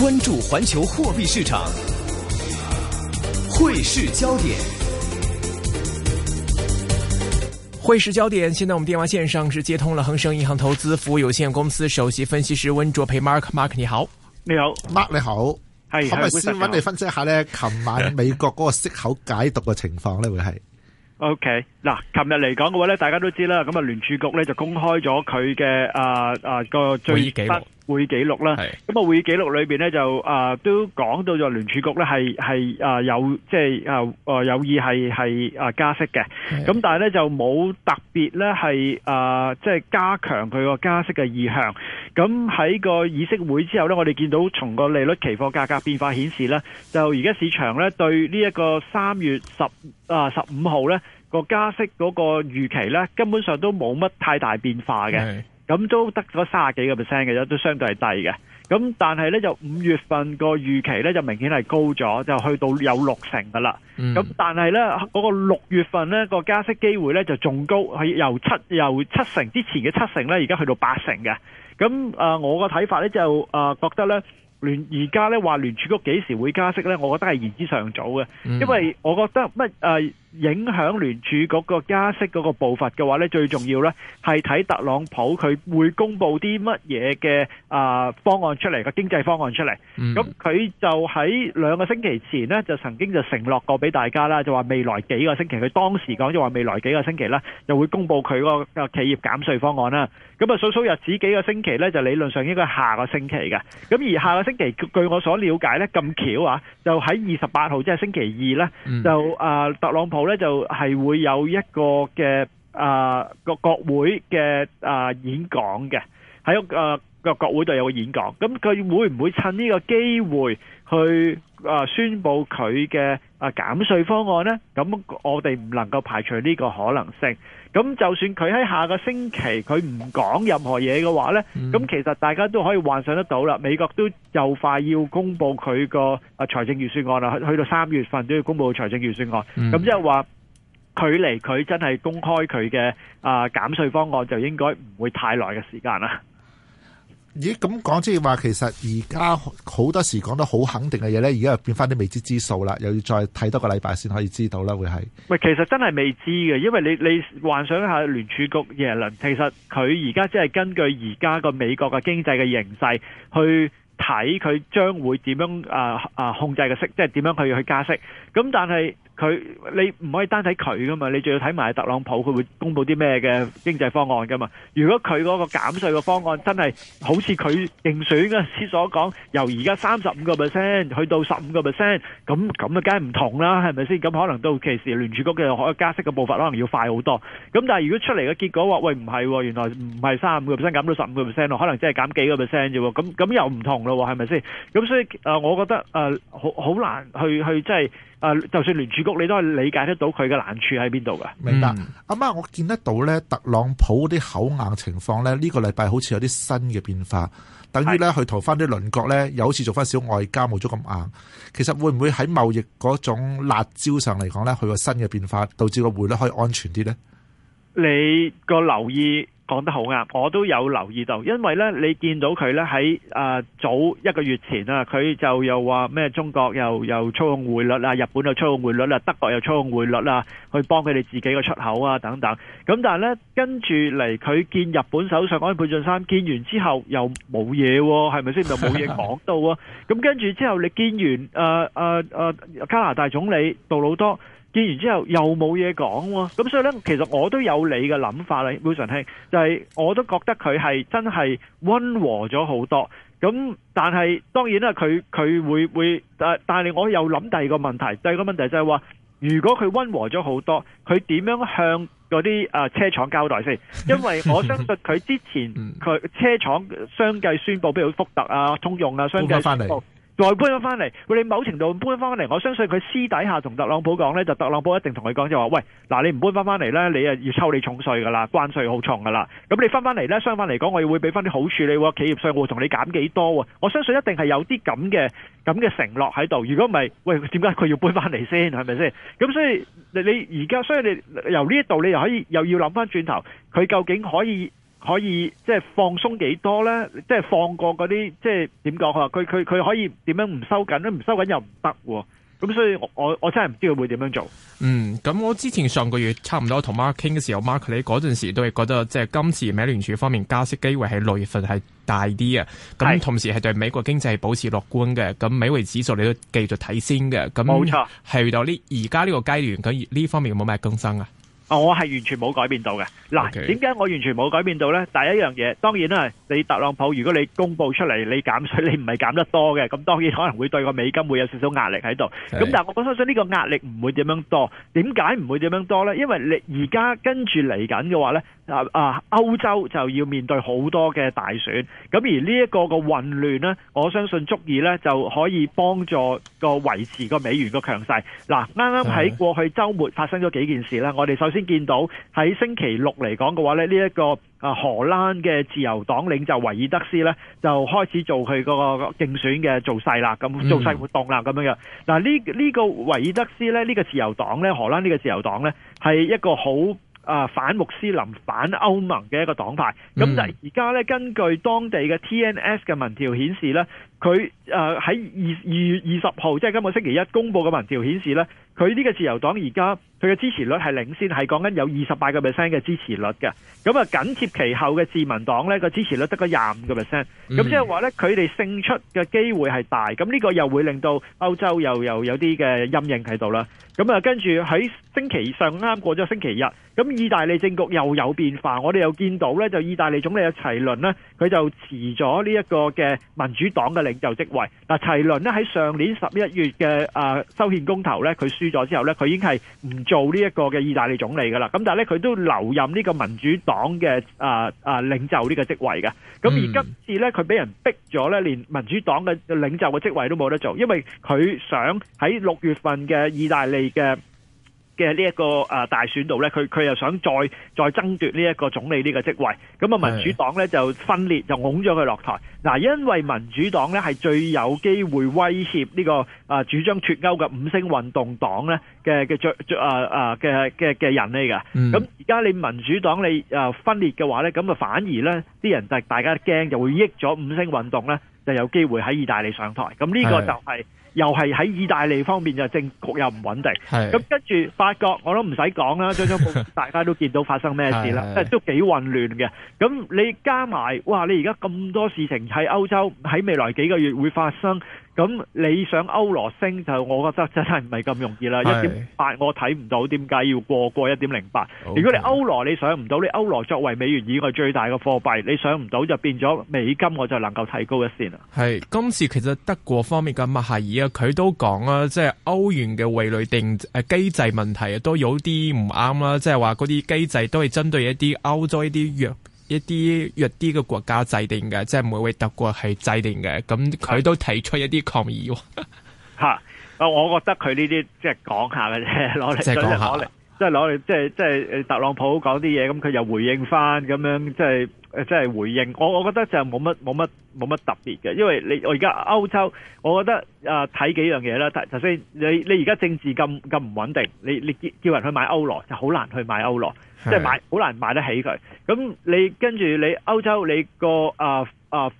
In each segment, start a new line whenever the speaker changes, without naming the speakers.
關注環球貨幣市場，匯市焦點。匯市焦點，現在我們電話線上是接通了恒生銀行投資服務有限公司首席分析師溫灼培 Mark，Mark 你好，你好，Mark 你好，係，咁咪先搵你分析一下呢。琴晚美
國嗰個息口解讀嘅情況呢，會係
Yeah.，OK。嗱，琴日嚟講嘅話咧，大家都知啦，咁啊聯儲局咧就公開咗佢嘅啊啊個最新會記錄啦。係咁啊，會議記錄裏邊咧就啊都講到咗聯儲局咧係係啊有即係啊啊有意係係啊加息嘅，咁但係咧就冇特別咧係啊即係加強佢個加息嘅意向。咁喺個議息會之後咧，我哋見到從個利率期貨價格變化顯示咧，就而家市場咧對呢一個三月十啊十五號咧。個加息嗰個預期咧，根本上都冇乜太大變化嘅，咁 Yes. 都得咗卅幾個 percent 嘅啫，都相對係低嘅。咁但係咧就五月份個預期咧就明顯係高咗，就去到有六成噶啦。咁、mm. 但係咧嗰個六月份咧個加息機會咧就仲高，係由七由七成之前嘅七成咧，而家去到八成嘅。咁啊、呃，我個睇法咧就啊、呃、覺得咧聯而家咧話聯儲局幾時會加息咧，我覺得係言之尚早嘅，mm. 因為我覺得乜誒。呃影響聯儲局個加息嗰個步伐嘅話呢，最重要呢係睇特朗普佢會公布啲乜嘢嘅啊方案出嚟，個經濟方案出嚟。咁佢、嗯、就喺兩個星期前呢，就曾經就承諾過俾大家啦，就話未來幾個星期，佢當時講就話未來幾個星期啦，又會公布佢個企業減稅方案啦。咁啊，數數日子幾個星期呢，就理論上應該下個星期嘅。咁而下個星期據我所了解呢，咁巧啊，就喺二十八號，即係星期二呢，嗯、就、啊、特朗普。後咧就係會有一個嘅啊個國會嘅啊演講嘅，喺個個國會度有個演講，咁佢會唔會趁呢個機會去？啊！宣布佢嘅啊減稅方案呢，咁我哋唔能夠排除呢個可能性。咁就算佢喺下個星期佢唔講任何嘢嘅話呢，咁其實大家都可以幻想得到啦。美國都又快要公布佢個啊財政預算案啦，去到三月份都要公布財政預算案。咁即係話，距離佢真係公開佢嘅啊減稅方案，就應該唔會太耐嘅時間啦。
咦，咁講即係話，其實而家好多時講得好肯定嘅嘢咧，而家又變翻啲未知之數啦，又要再睇多個禮拜先可以知道啦，會係？
喂，其實真係未知嘅，因為你你幻想一下聯儲局耶倫，其實佢而家只係根據而家個美國嘅經濟嘅形勢去睇佢將會點樣啊啊控制個息，即係點樣佢去加息。咁但係佢你唔可以單睇佢噶嘛，你仲要睇埋特朗普佢會公布啲咩嘅經濟方案噶嘛。如果佢嗰個減稅嘅方案真係好似佢競選嗰時所講，由而家三十五個 percent 去到十五個 percent，咁咁啊梗係唔同啦，係咪先？咁可能到其時聯儲局嘅加息嘅步伐可能要快好多。咁但係如果出嚟嘅結果話，喂唔係，原來唔係三十五個 percent 減到十五個 percent 咯，可能只係減幾個 percent 啫喎。咁咁又唔同啦。係咪先？咁所以誒，我覺得誒，好、呃、好難去去，即係誒，就算聯儲局，你都係理解得到佢嘅難處喺邊度噶。明白。啱啱我
見得到咧，特朗普啲口硬情況咧，呢、呢個禮拜好似有啲新嘅變化，等於咧去逃翻啲鄰國咧，是又好似做翻少外加冇咗咁硬。其實會唔會喺貿易嗰種辣椒上嚟講咧，佢個新嘅變化導致個匯率可以安全啲咧？
你個留意。講得好啱，我都有留意到，因為呢你見到佢呢喺啊早一個月前啦，佢就又話咩中國又又操控匯率啦，日本又操控匯率啦，德國又操控匯率啦，去幫佢哋自己個出口啊等等。咁但係呢跟住嚟佢見日本首相安倍晉三見完之後又冇嘢喎，係咪先？就冇嘢講到啊。咁跟住之後你見完啊啊啊加拿大總理杜魯多。見完之後又冇嘢講喎，咁所以呢，其實我都有你嘅諗法啦，William 兄，就係、是、我都覺得佢係真係溫和咗好多。咁但係當然啦，佢佢會會，但但係我又諗第二個問題，第二個問題就係話，如果佢溫和咗好多，佢點樣向嗰啲啊車廠交代先？因為我相信佢之前佢 車廠相繼宣布，比如福特啊、通用啊，相繼翻嚟。再搬返翻嚟，佢哋某程度搬翻翻嚟，我相信佢私底下同特朗普講呢，就特朗普一定同佢講，就話：喂，嗱，你唔搬翻翻嚟呢，你啊要抽你重稅噶啦，關稅好重噶啦。咁你翻翻嚟呢，相反嚟講，我要會俾翻啲好處你喎，企業稅我會同你減幾多喎。我相信一定係有啲咁嘅咁嘅承諾喺度。如果唔係，喂，點解佢要搬翻嚟先？係咪先？咁所以你而家，所以你由呢一度，你又可以又要諗翻轉頭，佢究竟可以？可以即係放鬆幾多咧？即係放過嗰啲，即係點講？佢佢佢可以點樣唔收緊咧？唔收緊又唔得喎。咁所以我，我我我真係唔知佢會點樣做。
嗯，咁我之前上個月差唔多同 Mark 傾嘅時候，Mark 你嗰陣時都係覺得，即係今次美聯儲方面加息機會係六月份係大啲嘅。咁同時係對美國經濟保持樂觀嘅。咁美元指數你都繼續睇先嘅。咁冇錯，係到呢而家呢個階段，咁呢方面有冇咩更新啊？
我係完全冇改變到嘅。嗱，點解我完全冇改變到呢？第一樣嘢，當然啦，你特朗普如果你公布出嚟你減稅，你唔係減得多嘅，咁當然可能會對個美金會有少少壓力喺度。咁的但係我相信呢個壓力唔會點樣多。點解唔會點樣多呢？因為你而家跟住嚟緊嘅話呢。嗱啊，歐洲就要面對好多嘅大選，咁而呢一個個混亂呢，我相信足以呢就可以幫助個維持個美元個強勢。嗱，啱啱喺過去週末發生咗幾件事啦。我哋首先見到喺星期六嚟講嘅話呢，呢、呢、一個啊荷蘭嘅自由黨領袖維爾德斯呢，就開始做佢、嗯嗰個、嗰個競選嘅造勢啦，咁造勢活動啦，咁樣嘅，嗱呢呢個維爾德斯呢，呢、呢個自由黨呢，荷蘭呢個自由黨呢，係一個好，啊！反穆斯林、反歐盟嘅一個黨派，咁但係而家咧，根據當地嘅 TNS 嘅民調顯示咧。佢誒喺二二月二十號，即係今日星期一公佈嘅民調顯示咧，佢呢個自由黨而家佢嘅支持率係領先，係講緊有二十八個 percent 嘅支持率嘅。咁啊緊貼其後嘅自民黨咧，個支持率得個廿五個 percent。咁即係話咧，佢哋勝出嘅機會係大。咁呢個又會令到歐洲又又有啲嘅陰影喺度啦。咁啊，跟住喺星期上啱過咗星期日，咁意大利政局又有變化。我哋又見到咧，就意大利總理阿齊倫咧，佢就辭咗呢一個嘅民主黨嘅領。領袖職位嗱，齊麟咧喺上年十一月嘅啊、呃、修憲公投咧，佢輸咗之後咧，佢已經係唔做呢一個嘅意大利總理噶啦。咁但係咧，佢都留任呢個民主黨嘅啊啊領袖呢個職位嘅。咁而今次咧，佢俾人逼咗咧，連民主黨嘅領袖嘅職位都冇得做，因為佢想喺六月份嘅意大利嘅。嘅呢一個誒大選度咧，佢佢又想再再爭奪呢一個總理呢個職位，咁啊民主黨咧就分裂就拱咗佢落台。嗱，因為民主黨咧係最有機會威脅呢個誒主張脱歐嘅五星運動黨咧嘅嘅著著誒誒嘅嘅嘅人嚟㗎。咁而家你民主黨你誒分裂嘅話咧，咁啊反而咧啲人就大家驚就會益咗五星運動咧就有機會喺意大利上台。咁呢個就係。又係喺意大利方面就政局又唔穩定，咁跟住法國我都唔使講啦，張張報大家都見到發生咩事啦，即係都幾混亂嘅。咁你加埋哇，你而家咁多事情喺歐洲喺未來幾個月會發生。咁你想歐羅升就，我覺得真係唔係咁容易啦。一點八我睇唔到，點解要過過一點零八？如果你歐羅你想唔到，你歐羅作為美元以外最大嘅貨幣，你想唔到就變咗美金，我就能夠提高一線啦。
係今次其實德國方面嘅默克爾呀佢都講啦，即係歐元嘅匯率定誒機制問題都有啲唔啱啦，即係話嗰啲機制都係針對一啲歐洲一啲弱。一啲弱啲嘅國家制定嘅，即係每位德國係制定嘅，咁佢都提出一啲抗議
喎、哦。我覺得佢呢啲即係講下嘅啫，攞嚟即係講下攞嚟，即係攞嚟，即係即係特朗普講啲嘢，咁佢又回應翻，咁樣即係。誒即係回應我，我覺得就冇乜冇乜冇乜特別嘅，因為你我而家歐洲，我覺得誒睇幾樣嘢啦。頭先你你而家政治咁咁唔穩定，你你叫叫人去買歐羅就好難去買歐羅，即係買好難買得起佢。咁你跟住你歐洲你個誒誒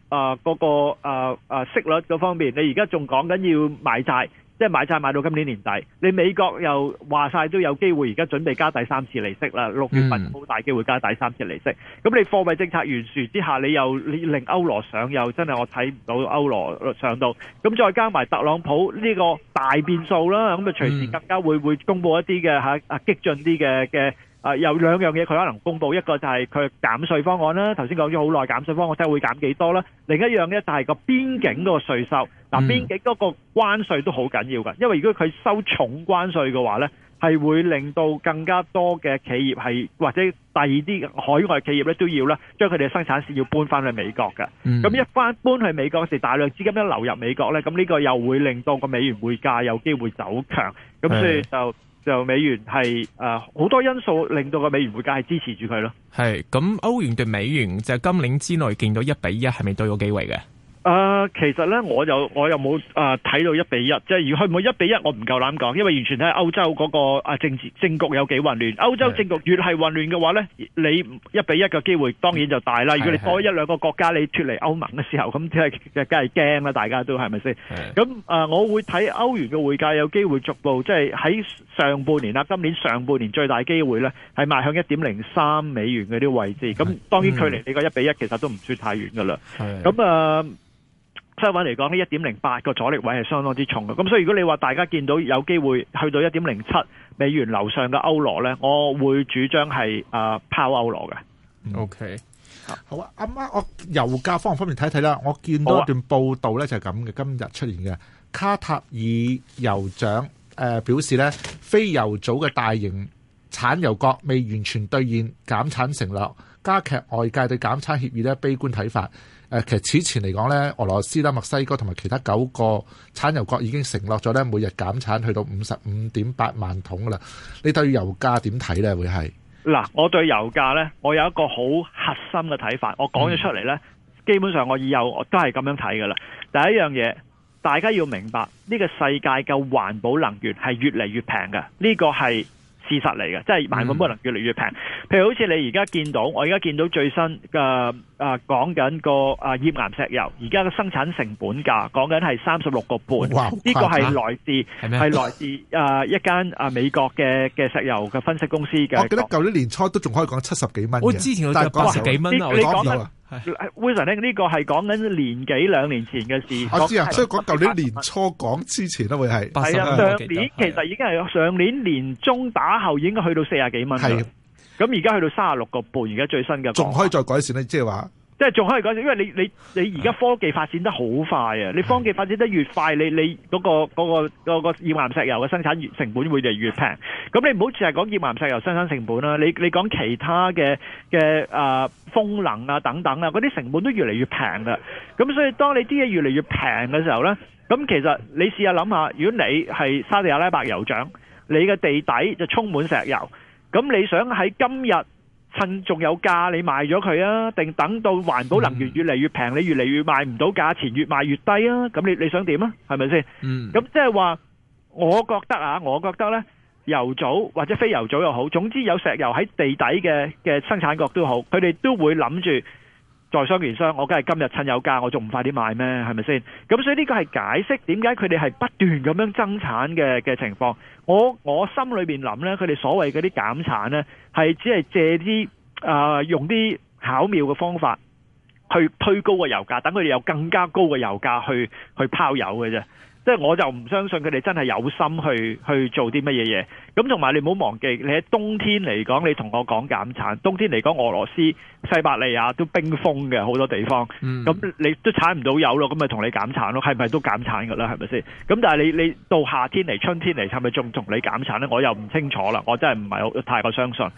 誒嗰個誒誒息率嗰方面，你而家仲講緊要買債。即係買債買到今年年底，你美國又話晒都有機會，而家準備加第三次利息啦。六月份好大機會加第三次利息。咁、嗯、你貨幣政策懸殊之下你，你又令歐羅上又，又真係我睇唔到歐羅上到。咁再加埋特朗普呢個大變數啦。咁就隨時更加會會公布一啲嘅嚇啊激進啲嘅嘅。啊、呃，有兩樣嘢佢可能公布，一個就係佢減稅方案啦。頭先講咗好耐減稅方案，睇下會減幾多啦。另一樣咧就係個邊境個稅收，嗱邊、嗯、境嗰個關稅都好緊要噶。因為如果佢收重關稅嘅話咧，係會令到更加多嘅企業係或者第二啲海外企業咧都要啦，將佢哋生產線要搬翻去美國㗎。咁、嗯、一翻搬去美國時，大量資金一流入美國咧，咁呢個又會令到個美元匯價有機會走強。咁所以就。就美元係誒，好、呃、多因素令到個美元匯價係支持住佢咯。
係咁，歐元對美元就今年之內見到一比一係咪都有機會嘅？
啊、呃，其實咧，我又、呃、1 1, 1 1我又冇啊睇到一比一，即係如果唔冇一比一，我唔夠膽講，因為完全係歐洲嗰個啊政治政局有幾混亂。歐洲政局越係混亂嘅話咧，的 你一比一嘅機會當然就大啦。嗯、如果你多一兩個國家你脫離歐盟嘅時候，咁即係梗係驚啦，大家都係咪先？咁的、呃、我會睇歐元嘅匯價有機會逐步即係喺上半年啦、啊，今年上半年最大機會咧，係賣向一點零三美元嗰啲位置。咁的當然距離你個一比一其實都唔算太遠噶啦。咁啊的～相反嚟講，呢一點零八個阻力位係相當之重嘅，咁所以如果你話大家見到有機會去到一點零七美元樓上嘅歐羅呢，我會主張係啊、呃、拋歐羅嘅。嗯、OK，
好啊，啱啱我油價方方面睇睇啦。我見到一段報道呢，就係咁嘅，今日出現嘅卡塔爾油長誒、呃、表示呢非油組嘅大型產油國未完全兌現減產承諾，加劇外界對減產協議呢悲觀睇法。誒，其實此前嚟講咧，俄羅斯啦、墨西哥同埋其他九個產油國已經承諾咗咧，每日減產去到五十五點八萬桶噶啦。你對油價點睇咧？會係，
嗱，我對油價咧，我有一個好核心嘅睇法，我講咗出嚟咧，嗯、基本上我以後我都係咁樣睇噶啦。第一樣嘢，大家要明白呢個世界嘅環保能源係越嚟越平嘅，呢個係。事實嚟嘅，即係萬物可能越嚟越平。譬如好似你而家見到，我而家見到最新嘅啊，講緊個啊頁岩石油而家嘅生產成本價，講緊係三十六個半。呢個係來自係來自啊一間啊美國嘅嘅石油嘅分析公司嘅。我記
得舊年年初都仲可以講七十幾蚊嘅，但係八十幾蚊我講唔到。
Wilson，呢個係講緊年幾兩年前嘅事。我知啊，所以講舊年年
初講之前都會係。係啊，上
年其實已經係上年年中打後，已經去到四十幾蚊。係，咁而家去到三十六個半，而家最新嘅。仲可以再改善咧，即係話。即係仲可以講，因為你你你而家科技發展得好快啊！你科技發展得越快，你你嗰個嗰個嗰個嗰個頁岩石油嘅生產成本就會就越平。咁你唔好淨係講頁岩石油生產成本啦，你你講其他嘅嘅啊風能啊等等啊，嗰啲成本都越嚟越平嘅。咁所以當你啲嘢越嚟越平嘅時候呢，咁其實你試下諗下，如果你係沙特阿拉伯酋長，你嘅地底就充滿石油，咁你想喺今日？趁仲有價，你賣咗佢啊！定等到環保能源越嚟越平，你越嚟越賣唔到價錢，越賣越低啊！咁你你想點啊？係咪先？嗯。咁即係話，我覺得啊，我覺得呢，油組或者非油組又好，總之有石油喺地底嘅嘅生產國都好，佢哋都會諗住。在商言商，我梗係今日趁有價，我仲唔快啲買咩？係咪先？咁所以呢個係解釋點解佢哋係不斷咁樣增產嘅嘅情況。我我心裏邊諗呢，佢哋所謂嗰啲減產呢，係只係借啲啊、呃、用啲巧妙嘅方法去推高個油價，等佢哋有更加高嘅油價去去拋油嘅啫。即係我就唔相信佢哋真係有心去去做啲乜嘢嘢，咁同埋你唔好忘記，你喺冬天嚟講，你同我講減產，冬天嚟講俄羅斯、西伯利亞都冰封嘅，好多地方，咁、嗯、你都產唔到油咯，咁咪同你減產咯，係咪都減產噶啦，係咪先？咁但係你你到夏天嚟、春天嚟，係咪仲同你減產呢？我又唔清楚啦，我真係唔係太過相信。咁、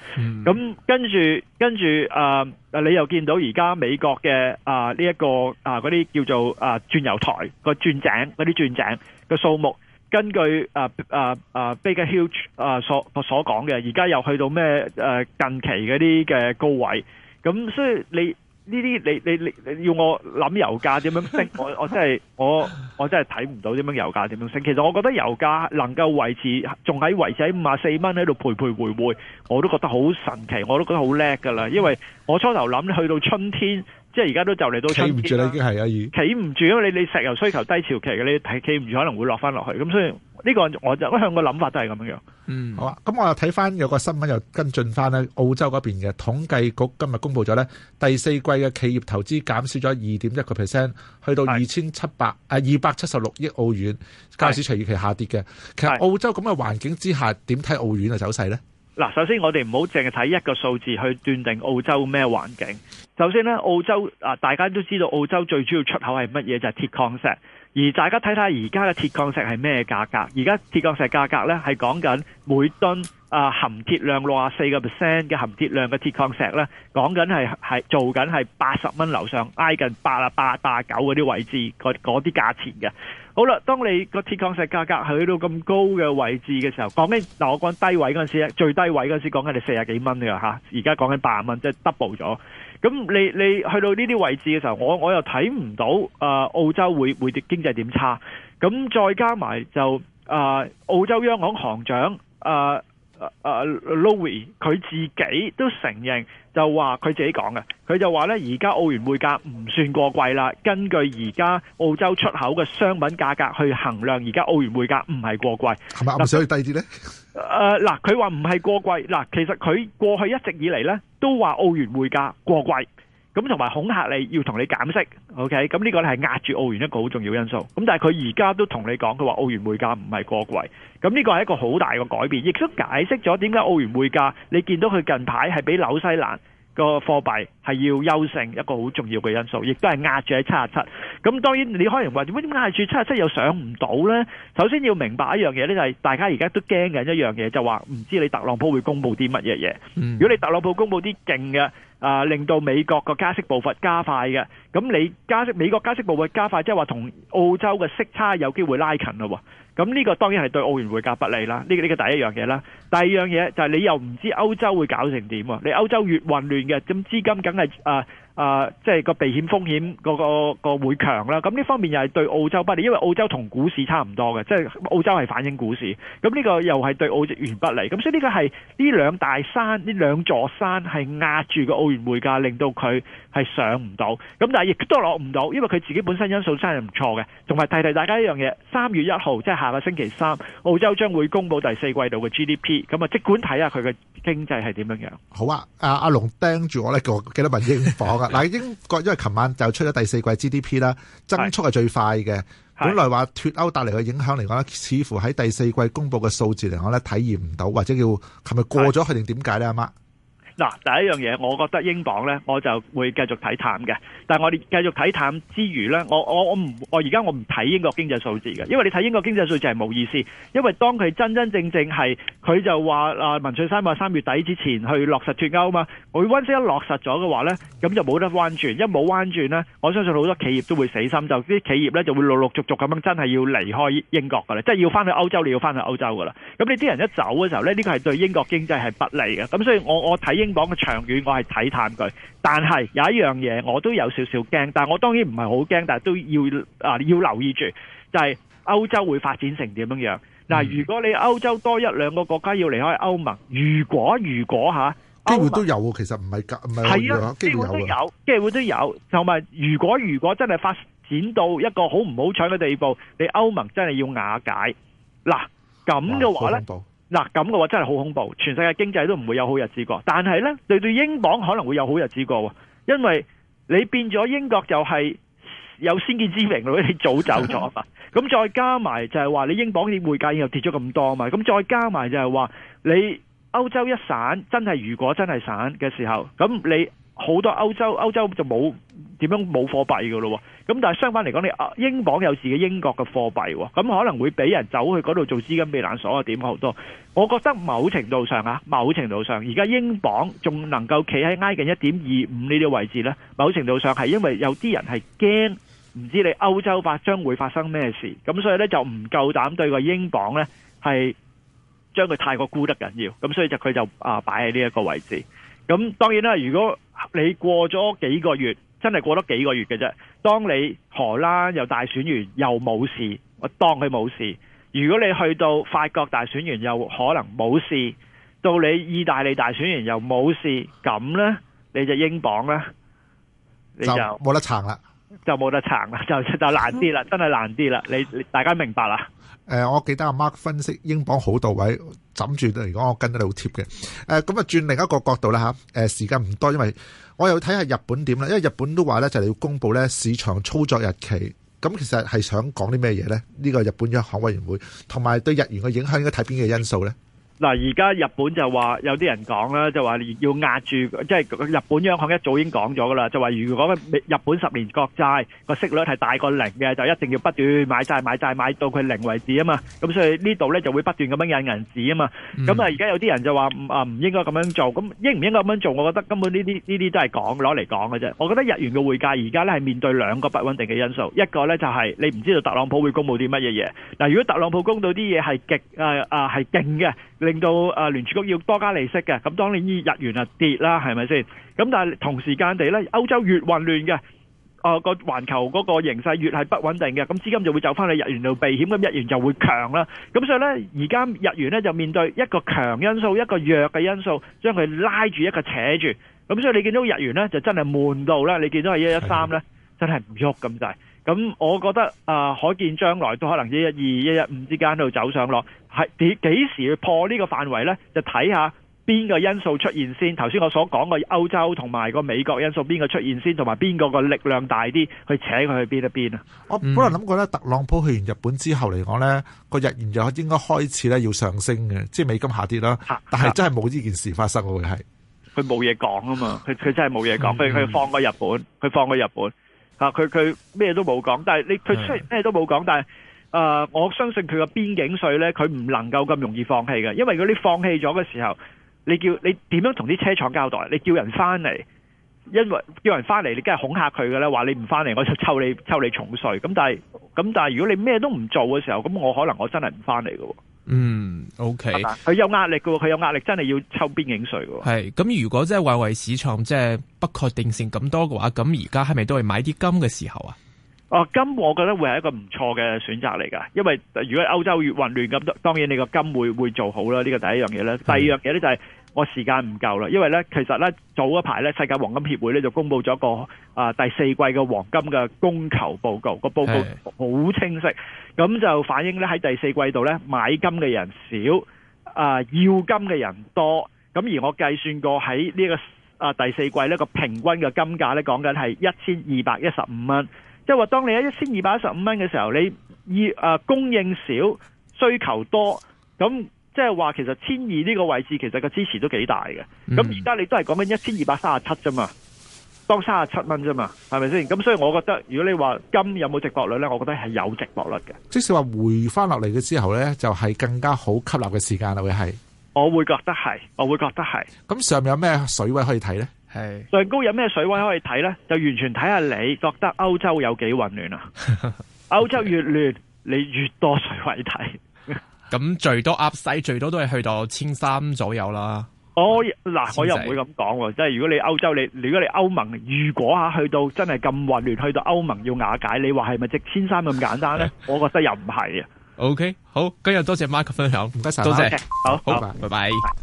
嗯、跟住跟住誒。呃啊！你又見到而家美國嘅啊呢一個啊嗰啲叫做啊鑽油台個鑽井嗰啲鑽井嘅數目，根據啊啊啊 Baker Hughes 啊所所講嘅，而家又去到咩？誒、啊、近期嗰啲嘅高位，咁所以你。呢啲你你你，你要我諗油價點樣升？ 我我真係我我真係睇唔到點樣油價點樣升。其實我覺得油價能夠維持仲喺維持喺五十四蚊喺度徘徊徘徊，我都覺得好神奇，我都覺得好叻㗎喇。因為我初頭諗去到春天。即係而家都就嚟到春天啦。企唔住啦，已經係啊企唔住，因為你你石油需求低潮期嘅，你企企唔住可能會落翻落去。咁所以呢個我就，我就一向個諗法都係咁樣樣。
嗯，好啊。咁我又睇翻有個新聞又跟進翻咧，澳洲嗰邊嘅統計局今日公布咗咧，第四季嘅企業投資減少咗二點一個 percent，去到二千七百啊二百七十六億澳元，較市場預期下跌嘅。是其實澳洲咁嘅環境之下，點睇澳元嘅走勢咧？
嗱，首先我哋唔好淨係睇一個數字去斷定澳洲咩環境。首先呢，澳洲啊，大家都知道澳洲最主要出口係乜嘢？就係、是、鐵礦石。而大家睇睇而家嘅鐵礦石係咩價格？而家鐵礦石價格呢，係講緊每噸。啊，含鐵量六十四個 percent 嘅含鐵量嘅鐵礦石咧，講緊係係做緊係八十蚊樓上挨近八啊八八九嗰啲位置，嗰嗰啲價錢嘅。好啦，當你個鐵礦石價格去到咁高嘅位置嘅時候，講緊嗱，我講低位嗰陣時咧，最低位嗰陣時講緊你四十幾蚊嘅嚇，而家講緊八十蚊，即係 double 咗。咁你你去到呢啲位置嘅時候，我我又睇唔到啊澳洲會會啲經濟點差。咁再加埋就啊澳洲央行行長啊。誒 Lowe 佢自己都承認，就話佢自己講嘅，佢就話呢，而家澳元匯價唔算過貴啦。根據而家澳洲出口嘅商品價格去衡量，而家澳元匯價唔係過貴，係咪啊？唔想佢低啲呢？誒、呃，嗱、呃，佢話唔係過貴，嗱、呃，其實佢過去一直以嚟呢，都話澳元匯價過貴。咁同埋恐嚇你要同你減息，OK？咁呢個咧係壓住澳元一個好重要因素。咁但係佢而家都同你講，佢話澳元匯價唔係過貴。咁呢個係一個好大嘅改變，亦都解釋咗點解澳元匯價你見到佢近排係比紐西蘭個貨幣係要優勝一個好重要嘅因素，亦都係壓住喺七十七。咁當然你可能話點解壓住七十七又上唔到呢？首先要明白一樣嘢呢，就係大家而家都驚緊一樣嘢，就話唔知你特朗普會公布啲乜嘢嘢。如果你特朗普公布啲勁嘅，啊！令到美國個加息步伐加快嘅，咁你加息，美國加息步伐加快，即係話同澳洲嘅息差有機會拉近咯喎，咁呢個當然係對澳元匯價不利啦。呢個呢個第一樣嘢啦，第二樣嘢就係你又唔知歐洲會搞成點喎？你歐洲越混亂嘅，咁資金梗係啊！啊、呃，即係個避險風險，個個個會強啦。咁呢方面又係對澳洲不利，因為澳洲同股市差唔多嘅，即係澳洲係反映股市。咁呢個又係對澳元不利。咁所以呢個係呢兩大山，呢兩座山係壓住個澳元匯價，令到佢係上唔到。咁但係亦都落唔到，因為佢自己本身因素真係唔錯嘅。同埋提提大家一樣嘢，三月一號即係下個星期三，澳洲將會公布第四季度嘅 GDP。咁啊，即管睇下佢嘅經濟係點樣樣。
好啊，阿、啊、阿龍盯住我呢，叫我記得問問英嗱，英國因為琴晚就出咗第四季 GDP 啦，增速係最快嘅。本來話脱歐帶嚟嘅影響嚟講咧，似乎喺第四季公布嘅數字嚟講咧，體驗唔到，或者叫琴日過咗去定點解咧，阿媽。
嗱，第一樣嘢，我覺得英鎊咧，我就會繼續睇淡嘅。但係我哋繼續睇淡之餘咧，我我我唔，我而家我唔睇英國經濟數字嘅，因為你睇英國經濟數字係冇意思。因為當佢真真正正係佢就話啊，文翠珊話三月底之前去落實脱歐嘛。Once 一落實咗嘅話咧，咁就冇得彎轉。一冇彎轉咧，我相信好多企業都會死心，就啲企業咧就會陸陸續續咁樣真係要離開英國噶啦，即係要翻去歐洲，你要翻去歐洲噶啦。咁你啲人一走嘅時候咧，呢個係對英國經濟係不利嘅。咁所以我我睇。英鎊嘅長遠我係睇淡佢，但係有一樣嘢我都有少少驚，但係我當然唔係好驚，但係都要啊要留意住，就係歐洲會發展成點樣樣嗱？如果你歐洲多一兩個國家要離開歐盟，如果如果吓，機會都有，其實唔係唔係好少，機會都有，機會都有，同埋如果如果真係發展到一個好唔好搶嘅地步，你歐盟真係要瓦解嗱，咁嘅話呢。嗱咁嘅話真係好恐怖，全世界經濟都唔會有好日子過。但係呢，對對，英鎊可能會有好日子過喎，因為你變咗英國就係有先見之明，你早走咗咁 再加埋就係話你英鎊嘅匯價又跌咗咁多嘛。咁再加埋就係話你歐洲一散，真係如果真係散嘅時候，咁你。好多歐洲歐洲就冇點樣冇貨幣噶咯，咁但係相反嚟講，你英鎊有自己英國嘅貨幣，咁可能會俾人走去嗰度做資金避難所啊，點好多。我覺得某程度上啊，某程度上而家英鎊仲能夠企喺挨近一點二五呢啲位置咧，某程度上係因為有啲人係驚唔知你歐洲發將會發生咩事，咁所以咧就唔夠膽對個英鎊咧係將佢太過沽得緊要，咁所以就佢就啊擺喺呢一個位置。咁當然啦，如果你過咗幾個月，真係過咗幾個月嘅啫。當你荷蘭又大選完又冇事，我當佢冇事。如果你去到法國大選完又可能冇事，到你意大利大選完又冇事，咁呢，呢，你就英鎊咧，你就冇得撐啦。就冇得撐啦，就就難啲啦，真係難啲啦，你，你大家明白啦？
誒、呃，我記得阿、啊、Mark 分析英鎊好到位，枕住嚟講，我跟得你好貼嘅。誒、呃，咁啊轉另一個角度啦吓，誒、呃、時間唔多，因為我又睇下日本點啦，因為日本都話咧就係要公布咧市場操作日期，咁其實係想講啲咩嘢咧？呢、這個日本央行委員會同埋對日元嘅影響應該睇邊嘅因素咧？
嗱，而家日本就話有啲人講啦，就話要壓住，即係日本央行一早已經講咗噶啦，就話如果日本十年國債個息率係大過零嘅，就一定要不斷買債買債買到佢零為止啊嘛。咁所以呢度咧就會不斷咁樣印銀紙啊嘛。咁啊，而家有啲人就話啊唔應該咁樣做，咁應唔應該咁樣做？我覺得根本呢啲呢啲都係講攞嚟講嘅啫。我覺得日元嘅匯價而家咧係面對兩個不穩定嘅因素，一個咧就係你唔知道特朗普會公布啲乜嘢嘢。嗱，如果特朗普公布啲嘢係極啊啊係勁嘅。令到啊聯儲局要多加利息嘅，咁當然呢日元啊跌啦，係咪先？咁但係同時間地咧，歐洲越混亂嘅，啊個環球嗰個形勢越係不穩定嘅，咁資金就會走翻去日元度避險，咁日元就會強啦。咁所以咧，而家日元咧就面對一個強因素，一個弱嘅因素，將佢拉住一個扯住。咁所以你見到日元咧就真係悶到啦，你見到係一一三咧，真係唔喐咁滯。咁我覺得啊，可見將來都可能一一二、一一五之間喺度走上落，係幾幾時去破呢個範圍呢？就睇下邊個因素出現先。頭先我所講嘅歐洲同埋個美國因素邊個出現先，同埋邊個個力量大啲，去請佢去邊一邊啊？嗯、我本來諗過
咧，特朗普去完日本之後嚟講呢，個日元就應該開始咧要上升嘅，即係美金下跌啦。但係真係冇呢件事發生嘅，係
佢冇嘢講啊嘛，佢佢真係冇嘢講，佢佢、嗯、放過日本，佢放過日本。啊！佢佢咩都冇講，但係你佢雖然咩都冇講，但係啊、呃，我相信佢個邊境稅呢，佢唔能夠咁容易放棄嘅，因為如果你放棄咗嘅時候，你叫你點樣同啲車廠交代？你叫人翻嚟，因為叫人翻嚟，你梗係恐嚇佢㗎呢，話你唔翻嚟，我就抽你抽你重稅。咁但係咁但係，如果你咩都唔做嘅時候，咁我可能我真係唔翻嚟嘅。
嗯，OK，佢
有壓力嘅，佢有壓力真係要抽邊境稅嘅。
係咁，如果即係外圍市場即係不確定性咁多嘅話，咁而家係咪都係買啲金嘅時候啊？
哦，金我覺得會係一個唔錯嘅選擇嚟㗎，因為如果歐洲越混亂咁多，當然你個金會會做好啦。呢個第一樣嘢咧，第二樣嘢咧就係。我時間唔夠啦，因為呢其實呢，早一排呢，世界黃金協會呢就公布咗一個啊、呃、第四季嘅黃金嘅供求報告，個的報告好清晰，咁就反映呢喺第四季度呢，買金嘅人少，啊、呃、要金嘅人多，咁而我計算過喺呢、這個啊、呃、第四季呢個平均嘅金價呢，講緊係一千二百一十五蚊，即係話當你喺一千二百一十五蚊嘅時候，你以供應少，需求多，咁。即係話其實千二呢個位置其實個支持都幾大嘅，咁而家你都係講緊一千二百三十七啫嘛，當三十七蚊啫嘛，係咪先？咁所以我覺得如果你話今有冇值博率呢，我覺得係有值博率嘅。
即使話回翻落嚟嘅之後呢，就係、是、更加好吸納嘅時間啦，會係。
我會覺得係，我會覺得係。
咁上面有咩水位可以睇呢？
係上高有咩水位可以睇呢？就完全睇下你覺得歐洲有幾混亂啊？歐 Okay. 洲
越亂，你越多水位睇。咁最多吸細，最多都係去到千三左右啦。
我嗱、oh, 我又唔會咁講，即係如果你歐洲你如果你歐盟如果啊去到真係咁混亂，去到歐盟要瓦解，你話係咪值千三咁簡單咧？我覺得又唔係
啊。OK，好，今日多謝 Mark 分享，唔該晒，多謝，多謝，好，拜拜。